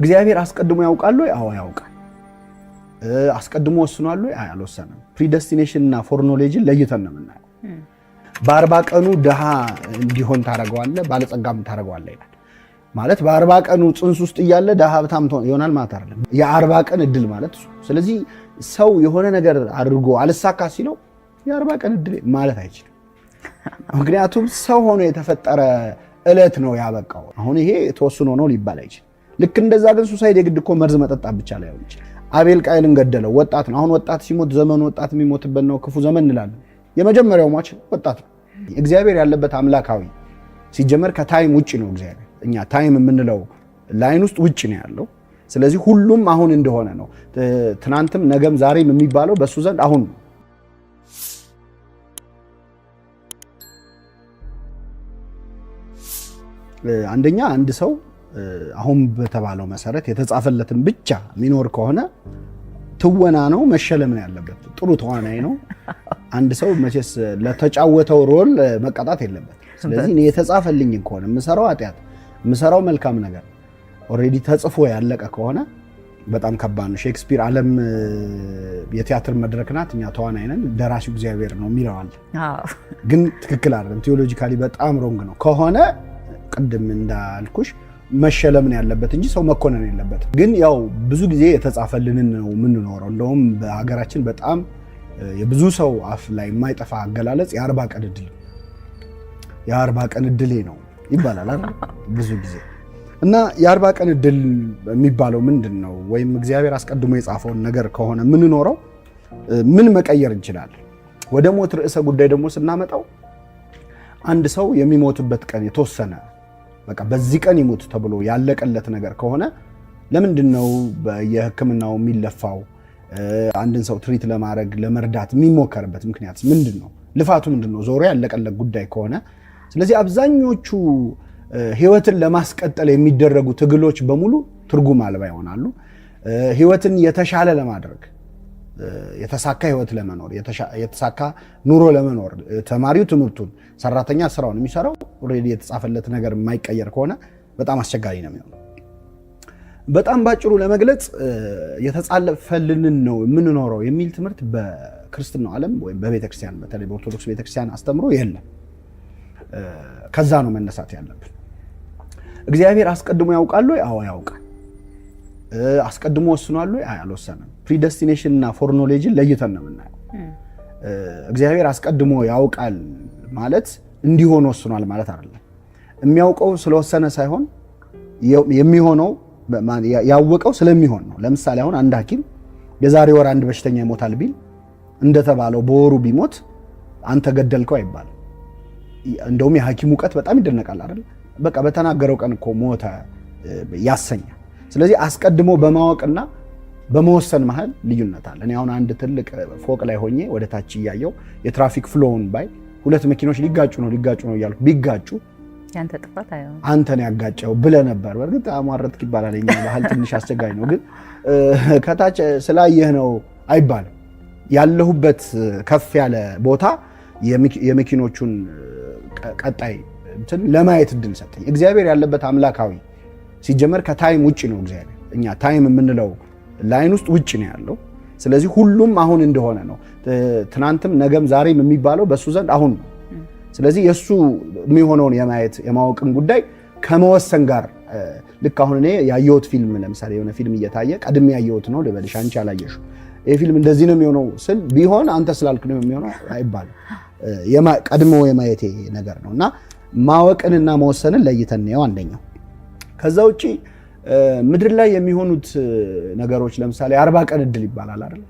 እግዚአብሔር አስቀድሞ ያውቃል ወይ? አዎ ያውቃል። አስቀድሞ ወስኗል ወይ? አልወሰነም። ፕሪደስቲኔሽን እና ፎርኖሌጅን ለይተን ነው የምናየው። በአርባ ቀኑ ድሃ እንዲሆን ታደርገዋለህ፣ ባለጸጋም ታደርገዋለህ ይላል። ማለት በአርባ ቀኑ ጽንስ ውስጥ እያለ ድሃ ሀብታም ይሆናል ማለት አይደለም። የአርባ ቀን እድል ማለት እሱ። ስለዚህ ሰው የሆነ ነገር አድርጎ አልሳካ ሲለው የአርባ ቀን እድል ማለት አይችልም። ምክንያቱም ሰው ሆኖ የተፈጠረ እለት ነው ያበቃው። አሁን ይሄ ተወስኖ ነው ሊባል አይችልም። ልክ እንደዛ ግን ሱሳይድ የግድ እኮ መርዝ መጠጣት ብቻ ላይ ሆን ይችላል። አቤል ቃይልን ገደለው። ወጣት ነው። አሁን ወጣት ሲሞት ዘመኑ ወጣት የሚሞትበት ነው። ክፉ ዘመን እንላለን። የመጀመሪያው ሟች ወጣት ነው። እግዚአብሔር ያለበት አምላካዊ ሲጀመር ከታይም ውጭ ነው እግዚአብሔር። እኛ ታይም የምንለው ላይን ውስጥ ውጭ ነው ያለው። ስለዚህ ሁሉም አሁን እንደሆነ ነው። ትናንትም፣ ነገም፣ ዛሬም የሚባለው በእሱ ዘንድ አሁን ነው። አንደኛ አንድ ሰው አሁን በተባለው መሰረት የተጻፈለትን ብቻ የሚኖር ከሆነ ትወና ነው መሸለም ነው ያለበት። ጥሩ ተዋናይ ነው አንድ ሰው መቼስ ለተጫወተው ሮል መቀጣት የለበት። ስለዚህ የተጻፈልኝ ከሆነ የምሰራው ኃጢአት የምሰራው መልካም ነገር ኦልሬዲ ተጽፎ ያለቀ ከሆነ በጣም ከባድ ነው። ሼክስፒር ዓለም የቲያትር መድረክ ናት፣ እኛ ተዋናይ ነን፣ ደራሲው እግዚአብሔር ነው የሚለዋል። ግን ትክክል አይደለም። ቴዎሎጂካሊ በጣም ሮንግ ነው ከሆነ ቅድም እንዳልኩሽ መሸለም ነው ያለበት እንጂ ሰው መኮነን የለበት። ግን ያው ብዙ ጊዜ የተጻፈልንን ነው የምንኖረው። እንደውም በሀገራችን በጣም የብዙ ሰው አፍ ላይ የማይጠፋ አገላለጽ የአርባ ቀን እድል የአርባ ቀን እድሌ ነው ይባላል አይደል? ብዙ ጊዜ እና የአርባ ቀን እድል የሚባለው ምንድን ነው? ወይም እግዚአብሔር አስቀድሞ የጻፈውን ነገር ከሆነ የምንኖረው ምን መቀየር እንችላለን? ወደ ሞት ርዕሰ ጉዳይ ደግሞ ስናመጣው አንድ ሰው የሚሞትበት ቀን የተወሰነ በቃ በዚህ ቀን ይሙት ተብሎ ያለቀለት ነገር ከሆነ ለምንድን ነው የህክምናው የሚለፋው? አንድን ሰው ትሪት ለማድረግ ለመርዳት የሚሞከርበት ምክንያት ምንድን ነው? ልፋቱ ምንድን ነው? ዞሮ ያለቀለት ጉዳይ ከሆነ ስለዚህ አብዛኞቹ ህይወትን ለማስቀጠል የሚደረጉ ትግሎች በሙሉ ትርጉም አልባ ይሆናሉ። ህይወትን የተሻለ ለማድረግ የተሳካ ህይወት ለመኖር የተሳካ ኑሮ ለመኖር ተማሪው ትምህርቱን፣ ሰራተኛ ስራውን የሚሰራው ኦልሬዲ የተጻፈለት ነገር የማይቀየር ከሆነ በጣም አስቸጋሪ ነው የሚሆነው። በጣም ባጭሩ ለመግለጽ የተጻለፈልንን ነው የምንኖረው የሚል ትምህርት በክርስትናው ዓለም ወይም በቤተክርስቲያን በተለይ በኦርቶዶክስ ቤተክርስቲያን አስተምሮ የለም። ከዛ ነው መነሳት ያለብን። እግዚአብሔር አስቀድሞ ያውቃል ወይ? አዎ ያውቃል። አስቀድሞ ወስኗል ወይ? አልወሰነም። ፕሪደስቲኔሽን እና ፎርኖሌጅን ለይተን ነው የምናየው። እግዚአብሔር አስቀድሞ ያውቃል ማለት እንዲሆን ወስኗል ማለት አይደለም። የሚያውቀው ስለወሰነ ሳይሆን የሚሆነው ያወቀው ስለሚሆን ነው። ለምሳሌ አሁን አንድ ሐኪም የዛሬ ወር አንድ በሽተኛ ይሞታል ቢል እንደተባለው በወሩ ቢሞት አንተ ገደልከው አይባል። እንደውም የሐኪም እውቀት በጣም ይደነቃል አይደል? በቃ በተናገረው ቀን እኮ ሞተ ያሰኛል። ስለዚህ አስቀድሞ በማወቅና በመወሰን መሀል ልዩነት አለ። እኔ አሁን አንድ ትልቅ ፎቅ ላይ ሆኜ ወደ ታች እያየው የትራፊክ ፍሎውን ባይ ሁለት መኪኖች ሊጋጩ ነው ሊጋጩ ነው እያልኩ ቢጋጩ ነው ያጋጨው ብለ ነበር። በእርግጥ አሟረትክ ይባላል። የእኛ ባህል ትንሽ አስቸጋሪ ነው፣ ግን ከታች ስላየህ ነው አይባልም። ያለሁበት ከፍ ያለ ቦታ የመኪኖቹን ቀጣይ ለማየት እድል ሰጠኝ። እግዚአብሔር ያለበት አምላካዊ ሲጀመር ከታይም ውጭ ነው እግዚአብሔር። እኛ ታይም የምንለው ላይን ውስጥ ውጭ ነው ያለው። ስለዚህ ሁሉም አሁን እንደሆነ ነው። ትናንትም፣ ነገም፣ ዛሬም የሚባለው በእሱ ዘንድ አሁን ነው። ስለዚህ የእሱ የሚሆነውን የማየት የማወቅን ጉዳይ ከመወሰን ጋር ልክ አሁን እኔ ያየሁት ፊልም ለምሳሌ የሆነ ፊልም እየታየ ቀድሜ ያየሁት ነው ልበልሽ፣ አንቺ አላየሽው። ይህ ፊልም እንደዚህ ነው የሚሆነው ስል ቢሆን አንተ ስላልክ ነው የሚሆነው አይባልም። ቀድሞ የማየቴ ነገር ነው እና ማወቅንና መወሰንን ለይተን ነው አንደኛው ከዛ ውጪ ምድር ላይ የሚሆኑት ነገሮች ለምሳሌ የአርባ ቀን እድል ይባላል አይደል?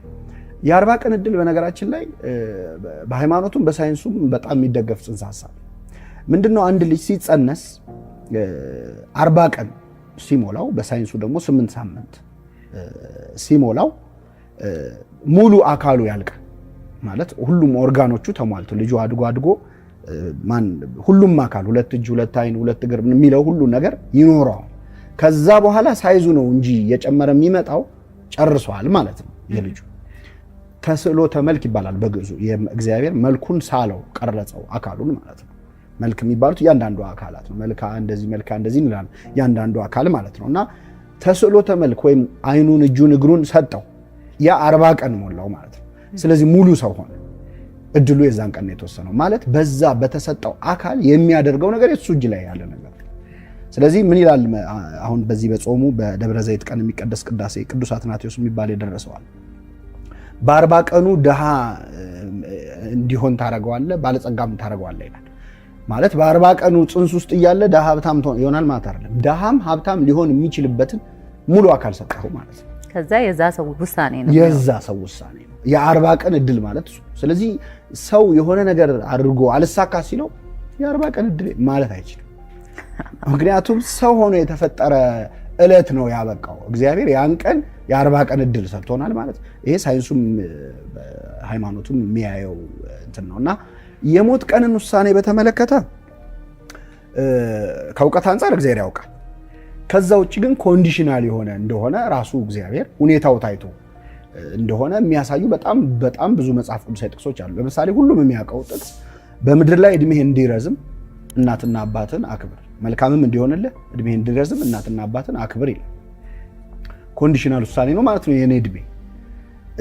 የአርባ ቀን እድል በነገራችን ላይ በሃይማኖቱም በሳይንሱም በጣም የሚደገፍ ጽንሰ ሀሳብ ምንድን ነው? አንድ ልጅ ሲጸነስ አርባ ቀን ሲሞላው፣ በሳይንሱ ደግሞ ስምንት ሳምንት ሲሞላው ሙሉ አካሉ ያልቃል ማለት ሁሉም ኦርጋኖቹ ተሟልቶ ልጁ አድጎ አድጎ ማን ሁሉም አካል ሁለት እጅ፣ ሁለት አይን፣ ሁለት እግር የሚለው ሁሉ ነገር ይኖረዋል። ከዛ በኋላ ሳይዙ ነው እንጂ የጨመረ የሚመጣው ጨርሷል ማለት ነው። የልጁ ተስዕሎተ ተመልክ ይባላል በግዕዙ። እግዚአብሔር መልኩን ሳለው ቀረጸው፣ አካሉን ማለት ነው። መልክ የሚባሉት እያንዳንዱ አካላት ነው። መልካ እንደዚህ፣ መልካ እንደዚህ እንላለን። እያንዳንዱ አካል ማለት ነው እና ተስዕሎተ ተመልክ ወይም አይኑን፣ እጁን፣ እግሩን ሰጠው። ያ አርባ ቀን ሞላው ማለት ነው። ስለዚህ ሙሉ ሰው ሆነ። እድሉ የዛን ቀን የተወሰነው ማለት በዛ በተሰጠው አካል የሚያደርገው ነገር የሱ እጅ ላይ ያለ ነገር። ስለዚህ ምን ይላል አሁን በዚህ በጾሙ በደብረ ዘይት ቀን የሚቀደስ ቅዳሴ ቅዱስ አትናቴዎስ የሚባል የደረሰዋል። በአርባ ቀኑ ድሃ እንዲሆን ታደረገዋለ፣ ባለጸጋም ታደረገዋለ ይላል። ማለት በአርባ ቀኑ ጽንስ ውስጥ እያለ ድሃ ሀብታም ይሆናል ማለት አይደለም። ድሃም ሀብታም ሊሆን የሚችልበትን ሙሉ አካል ሰጠሁ ማለት ነው። ከዛ የዛ ሰው ውሳኔ ነው የዛ ሰው ውሳኔ ነው። የአርባ ቀን እድል ማለት እሱ። ስለዚህ ሰው የሆነ ነገር አድርጎ አልሳካ ሲለው የአርባ ቀን እድል ማለት አይችልም። ምክንያቱም ሰው ሆኖ የተፈጠረ እለት ነው ያበቃው። እግዚአብሔር ያን ቀን የአርባ ቀን እድል ሰጥቶናል ማለት ይሄ ሳይንሱም ሃይማኖቱም የሚያየው እንትን ነው እና የሞት ቀንን ውሳኔ በተመለከተ ከእውቀት አንጻር እግዚአብሔር ያውቃል ከዛ ውጭ ግን ኮንዲሽናል የሆነ እንደሆነ ራሱ እግዚአብሔር ሁኔታው ታይቶ እንደሆነ የሚያሳዩ በጣም በጣም ብዙ መጽሐፍ ቅዱሳዊ ጥቅሶች አሉ። ለምሳሌ ሁሉም የሚያውቀው ጥቅስ በምድር ላይ እድሜህ እንዲረዝም እናትና አባትን አክብር፣ መልካምም እንዲሆንልህ እድሜህ እንዲረዝም እናትና አባትን አክብር ይላል። ኮንዲሽናል ውሳኔ ነው ማለት ነው። የእኔ እድሜ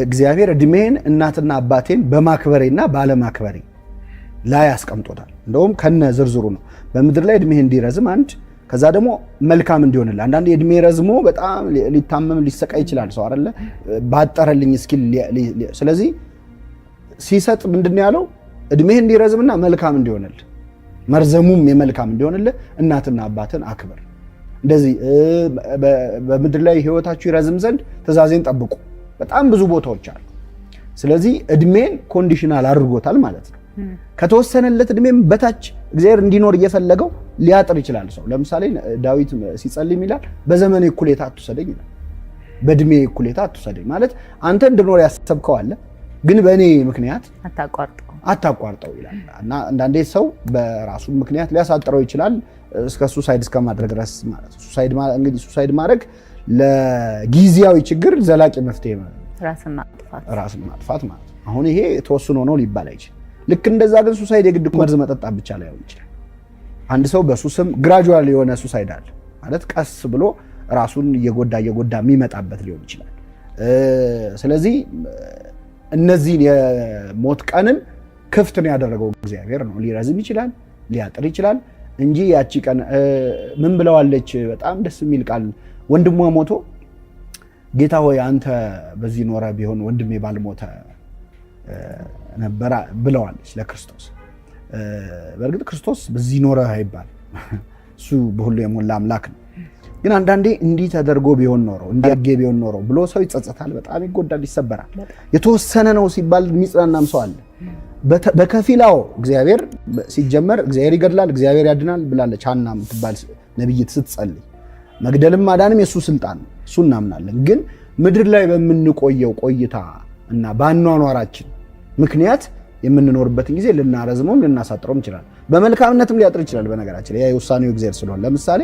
እግዚአብሔር እድሜን እናትና አባቴን በማክበሬና ባለማክበሬ ላይ አስቀምጦታል። እንደውም ከነ ዝርዝሩ ነው። በምድር ላይ እድሜህ እንዲረዝም አንድ ከዛ ደግሞ መልካም እንዲሆንል አንዳንድ እድሜ ረዝሞ በጣም ሊታመም ሊሰቃይ ይችላል ሰው አለ ባጠረልኝ እስኪል። ስለዚህ ሲሰጥ ምንድን ያለው እድሜህ እንዲረዝምና መልካም እንዲሆንል መርዘሙም የመልካም እንዲሆንል እናትና አባትን አክብር። እንደዚህ በምድር ላይ ህይወታችሁ ይረዝም ዘንድ ትእዛዜን ጠብቁ። በጣም ብዙ ቦታዎች አሉ። ስለዚህ እድሜን ኮንዲሽናል አድርጎታል ማለት ነው። ከተወሰነለት እድሜም በታች እግዚአብሔር እንዲኖር እየፈለገው ሊያጥር ይችላል ሰው። ለምሳሌ ዳዊት ሲጸልይ ይላል በዘመኔ እኩሌታ አትውሰደኝ ይላል። በእድሜ እኩሌታ አትውሰደኝ ማለት አንተ እንድኖር ያሰብከው አለ፣ ግን በእኔ ምክንያት አታቋርጠው ይላል እና አንዳንዴ ሰው በራሱ ምክንያት ሊያሳጥረው ይችላል እስከ ሱሳይድ እስከ ማድረግ ድረስ ማለት ሱሳይድ እንግዲህ ሱሳይድ ማድረግ ለጊዜያዊ ችግር ዘላቂ መፍትሄ ራስን ማጥፋት ማለት አሁን ይሄ ተወስኖ ነው ሊባል አይችል ልክ እንደዛ ግን ሱሳይድ የግድ መርዝ መጠጣት ብቻ ላይሆን ይችላል። አንድ ሰው በሱስም ግራጁዋል የሆነ ሱሳይዳል ማለት ቀስ ብሎ ራሱን እየጎዳ እየጎዳ የሚመጣበት ሊሆን ይችላል። ስለዚህ እነዚህን የሞት ቀንን ክፍት ነው ያደረገው እግዚአብሔር ነው። ሊረዝም ይችላል፣ ሊያጥር ይችላል እንጂ ያቺ ቀን ምን ብለዋለች? በጣም ደስ የሚል ቃል ወንድሟ ሞቶ ጌታ ሆይ አንተ በዚህ ኖረ ቢሆን ወንድሜ ባልሞተ ነበረ ብለዋለች ለክርስቶስ በእርግጥ ክርስቶስ በዚህ ኖረ አይባል፣ እሱ በሁሉ የሞላ አምላክ ነው። ግን አንዳንዴ እንዲህ ተደርጎ ቢሆን ኖሮ እንዲያጌ ቢሆን ኖሮ ብሎ ሰው ይጸጸታል፣ በጣም ይጎዳል፣ ይሰበራል። የተወሰነ ነው ሲባል የሚጽናናም ሰው አለ። በከፊላው እግዚአብሔር ሲጀመር እግዚአብሔር ይገድላል፣ እግዚአብሔር ያድናል ብላለች ሐና የምትባል ነብይት ስትጸልይ። መግደልም ማዳንም የእሱ ስልጣን ነው፣ እሱ እናምናለን። ግን ምድር ላይ በምንቆየው ቆይታ እና በአኗኗራችን ምክንያት የምንኖርበትን ጊዜ ልናረዝመውም ልናሳጥረውም ይችላል። በመልካምነትም ሊያጥር ይችላል። በነገራችን ላይ የውሳኔው እግዚአብሔር ስለሆነ፣ ለምሳሌ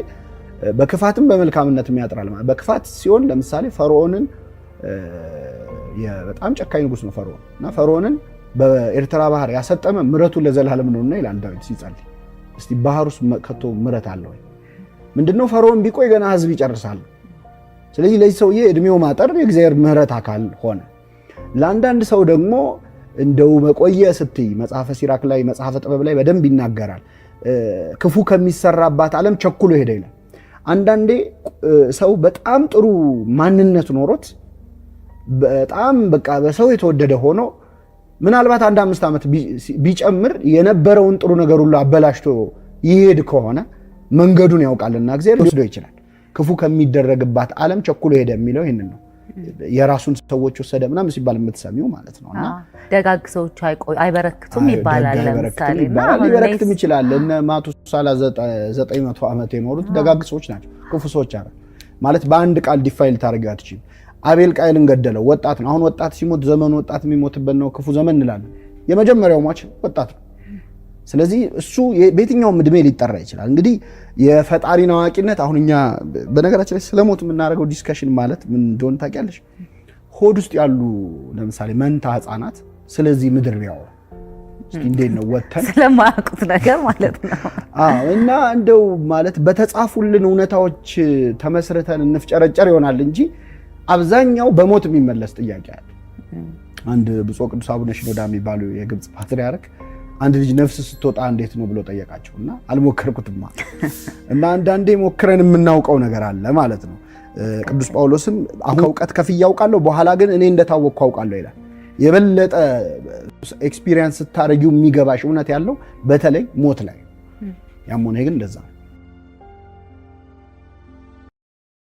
በክፋትም በመልካምነትም ያጥራል። በክፋት ሲሆን ለምሳሌ ፈርዖንን በጣም ጨካኝ ንጉስ ነው ፈርዖን እና ፈርዖንን በኤርትራ ባህር ያሰጠመ ምረቱ ለዘላለም ነውና ይላል ዳዊት ሲጸልይ። እስቲ ባህር ውስጥ ከቶ ምረት አለ ወይ? ምንድነው ፈርዖን ቢቆይ ገና ህዝብ ይጨርሳል። ስለዚህ ለዚህ ሰውዬ እድሜው ማጠር የእግዚአብሔር ምህረት አካል ሆነ። ለአንዳንድ ሰው ደግሞ እንደው መቆየ ስትይ መጽሐፈ ሲራክ ላይ መጽሐፈ ጥበብ ላይ በደንብ ይናገራል። ክፉ ከሚሰራባት ዓለም ቸኩሎ ሄደ ይላል። አንዳንዴ ሰው በጣም ጥሩ ማንነት ኖሮት በጣም በቃ በሰው የተወደደ ሆኖ ምናልባት አንድ አምስት ዓመት ቢጨምር የነበረውን ጥሩ ነገር ሁሉ አበላሽቶ ይሄድ ከሆነ መንገዱን ያውቃልና እግዚአብሔር ወስዶ ይችላል። ክፉ ከሚደረግባት ዓለም ቸኩሎ ሄደ የሚለው ይህንን ነው። የራሱን ሰዎች ወሰደ ምናምን ሲባል የምትሰሚው ማለት ነው። እና ደጋግ ሰዎች አይበረክቱም ይባላል። ለምሳሌ ሊበረክትም ይችላል። እነ ማቱሳላ ዘጠኝ መቶ ዓመት የኖሩት ደጋግ ሰዎች ናቸው። ክፉ ሰዎች አረ ማለት በአንድ ቃል ዲፋይል ታደርጊው አትችይም። አቤል ቃይልን ገደለው። ወጣት ነው። አሁን ወጣት ሲሞት ዘመኑ ወጣት የሚሞትበት ነው። ክፉ ዘመን እንላለን። የመጀመሪያው ሟች ወጣት ነው። ስለዚህ እሱ በየትኛውም እድሜ ሊጠራ ይችላል። እንግዲህ የፈጣሪን አዋቂነት አሁን እኛ በነገራችን ላይ ስለሞት የምናደርገው ዲስከሽን ማለት ምን እንደሆነ ታውቂያለሽ? ሆድ ውስጥ ያሉ ለምሳሌ መንታ ህፃናት ስለዚህ ምድር ቢያወሩ እንዴት ነው ወተን ስለማያውቁት ነገር ማለት ነው። እና እንደው ማለት በተጻፉልን እውነታዎች ተመስርተን እንፍጨረጨር ይሆናል እንጂ አብዛኛው በሞት የሚመለስ ጥያቄ አለ። አንድ ብፁዕ ቅዱስ አቡነ ሽኖዳ የሚባሉ የግብፅ ፓትሪያርክ አንድ ልጅ ነፍስ ስትወጣ እንዴት ነው ብሎ ጠየቃቸው እና አልሞከርኩትማ እና አንዳንዴ ሞክረን የምናውቀው ነገር አለ ማለት ነው። ቅዱስ ጳውሎስም ከእውቀት ከፍዬ አውቃለሁ፣ በኋላ ግን እኔ እንደታወቅኩ አውቃለሁ ይላል። የበለጠ ኤክስፒሪየንስ ስታደርጊው የሚገባሽ እውነት ያለው በተለይ ሞት ላይ ያም ሆነ ግን እንደዛ ነው።